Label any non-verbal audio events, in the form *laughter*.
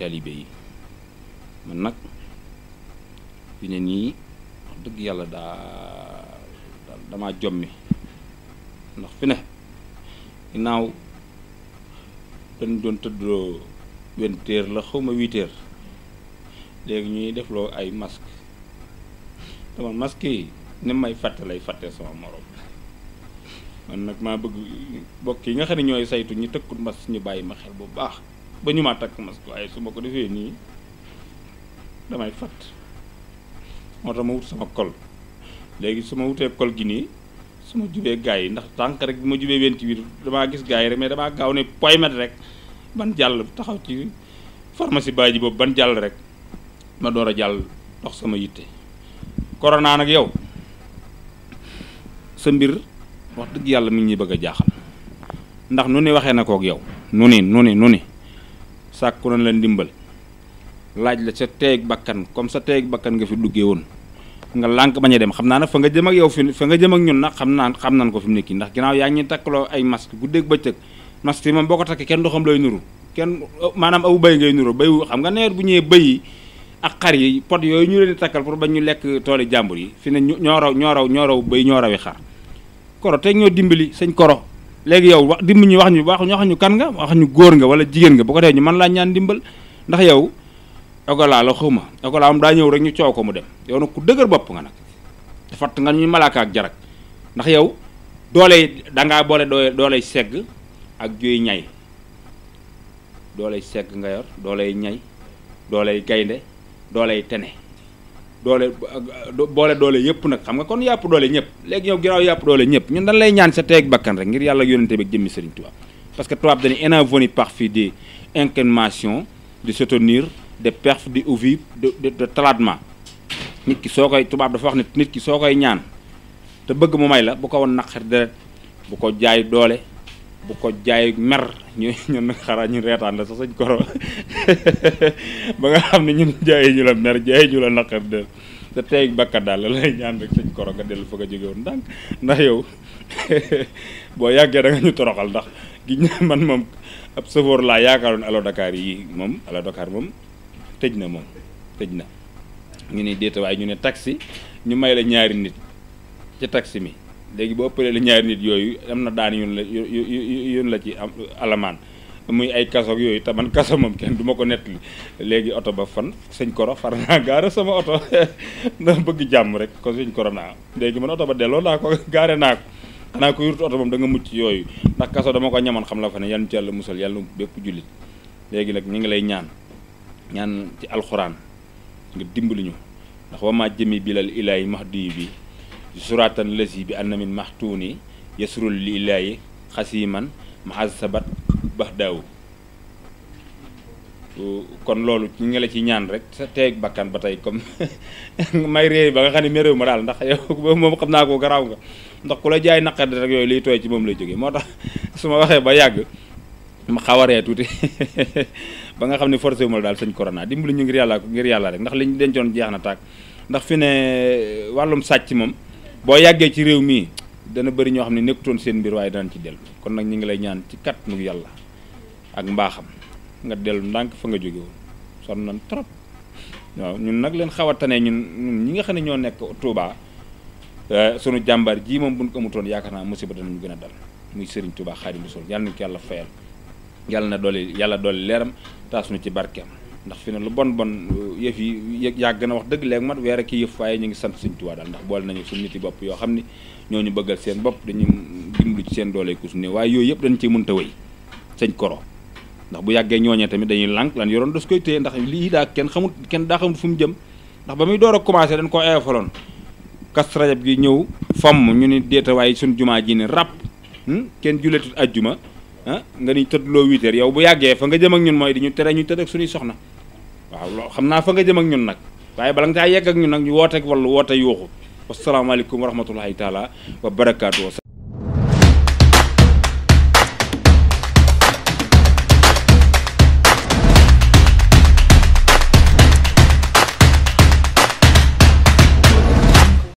taalibe yi man nag fi ne nii wax dëgg yàlla daa damaa jommi ndax fine ne ginnaaw dañ doon tëddoo vingt heures la xaw ma huit heures léegi ñuy defloo ay masque dama masque yi ne may fàtte lay fàtte sama morom man nag maa bëgg bokk yi nga xam ne ñooy saytu ñu tëkkut masque suñu bàyyi ma xel bu baax ba ñu ma takk ma waaye su ma ko defee nii damay fat moo tax ma wut sama kol léegi su ma wutee kol gi nii su ma jubee gars yi ndax tànk rek bi ma jubee wenti wiir damaa gis gars yi rek mais damaa gaaw ne poymet rek ban jàll taxaw ci pharmacie baa ji boobu ban jàll rek ma door a jàll dox sama yitte corona nag yow sa mbir wax dëgg yàlla mi ñuy bëgg a jaaxal ndax nu ni waxee na kook yow nu ni nu ni nu ni sàkku nañ leen dimbal laaj la sa teeg bakkan comme sa teeg bakkan nga fi duggee woon nga lànk bañ a dem xam naa nag fa nga jëm ak yow fi fa nga jëm ak ñun nag xam naa xam nañ ko fi mu nekk ndax ginnaaw yaa ngi takkaloo ay masque guddeeg bëccëg masque yi moom boo ko takkee kenn doxam lay nuru kenn maanaam aw béy ngay nuru béyu xam nga nawet bu ñëwee béy yi ak xar yi pot yooyu ñu leen takkal pour bañ ñu lekk tooli jàmbur yi fi ne ñoo raw ñoo raw ñoo raw béy ñoo rawi xar koro te ñoo dimbali sëñ koro léegi yow wax dimb ñu wax ñu wax ñu wax ñu kan nga wax ñu góor nga wala jigéen nga bu ko defee ñu mën laa ñaan dimbal ndax yow Ogola la xaw ma Ogola daa ñëw rek ñu coow ko mu dem yow nag ku dëgër bopp nga nag fatt nga ñu malaaka ak jarak ndax yow doole dangaa boole doole dooley segg ak juy ñay dooley segg nga doole yi ñay doole dooley gaynde yi tene doole boole doole yëpp nag xam nga kon yàpp doole ñëpp léegi ñëw ginnaaw yàpp doole ñëpp ñun dañ lay ñaan sa teeg bakkan rek ngir yàlla yónnente bi ak jëmmi Sëriñ Tuubaa parce que tubaab dañuy enavoni par fii des incarnations de soutenir de perf de ouvi de de traitement nit ki soo koy tubaab dafa wax ne nit ki soo koy ñaan te bëgg mu may la bu ko woon naqar deret bu ko jaay doole bu ko jaay mer ñu ñun nag xaraa ñu reetaan la sax sañ koro *laughs* ba nga xam ne ñun jaay ñu la mer jaay ñu la naqar del te tey bakkat daal la lay ñaan rek sañ koro nga dellu fa a jóge woon ndànk ndax yow *laughs* boo yàggee da nga ñu toroxal ndax gi *laughs* man moom ab sëfoor laa yaakaaroon alo Dakar yi moom alo Dakar moom tëj na moom tëj na ñu ne déeta waaye ñu ne taxi ñu may la ñaari nit ci taxi mi léegi boo ëppalee la ñaari nit yooyu am na daan yun la yun la ci am alamaan muy ay kaso yooyu te man kaso moom kenn duma ma ko nettali léegi oto ba fan sëñ koro far naa gaare sama oto *laughs* ndax bëgg jàmm rek ko sëñ koro naa léegi man oto ba delloo naa ko gaare naa ko xanaa ko yurtu oto moom da nga mucc yooyu ndax kaso dama ko ñamoon xam la fa ne yàlla ci yàlla musal yàlla bépp jullit léegi nag ñu ngi lay ñaan ñaan ci alxuraan nga dimbali ñu ndax wa maa jëmi bilal ilaahi mahdi suratan lasi bi anna min maxtuuni yasrul lilaayi xasiman mahas sabat bax daawu kon loolu ñu ngi la ci ñaan rek sa teeg bakkan ba tey comme *laughs* may réer ba nga xam ne méréew ma daal ndax yow *laughs* moom xam naa ko garaaw nga ndax ku la jaay naqari rek yooyu liy tooy ci moom lay jógee moo tax *laughs* su ma waxee ba yàgg ma xawaree tuuti ba nga xam ne forcé wu daal sëñ corona dimbali ñu ngir yàlla ngir yàlla rek ndax liñ dencoon jeex na tàkk ndax fi ne wàllum sàcc moom boo yàggee ci réew mii dana bari ñoo xam ne nekkutoon seen mbir waaye daan ci dellu kon nag ñu ngi lay ñaan ci kàttanu yàlla ak mbaaxam nga dellu ndànk fa nga jóge woon sonn nan trop waaw ñun nag leen xaw a tane ñun ñi nga xam ne ñoo nekk Touba euh, sunu jàmbaar jii moom buñ ko amutoon yaakaar naa musiba ñu gën a dal muy Serigne Touba Xaadimu Rasuul yàlla nañu ko yàlla fayal yàlla na doole yàlla doole leeram taasuñu ci barkeem. ndax fi ne lu bon bon yëf yi yàgg na wax dëgg léegi mat weer ki yëf waaye ñu ngi sant suñ Tuubaa daal ndax boole nañu suñ nit bopp yoo xam ni ñoo ñu bëggal seen bopp dañu dimbalu ci seen doole ku su ne waaye yooyu yëpp dañ ci te wéy sëñ koro ndax bu yàggee ñooñee tamit dañuy lànk lan yoroon das koy téye ndax lii daa kenn xamut kenn daa xamut fu mu jëm ndax ba muy door a commencé dañ ko eefaloon kas rajab gi ñëw fomm ñu ni déeta waaye suñ jumaa ji ni ràpp hmm, kenn juleetut ajjuma ah nga ni tëdd loo huit heures yow bu yàggee fa nga jëm ak ñun mooy di ñu tere ñu tëdd ak suñuy soxna waaw loo xam naa fa nga jëm ak ñun nag waaye bala nga yegg ak ñun nag ñu wooteeg wallu woote yuuxu wasalaamaaleykum wa rahmatullahi taala wa barakaatu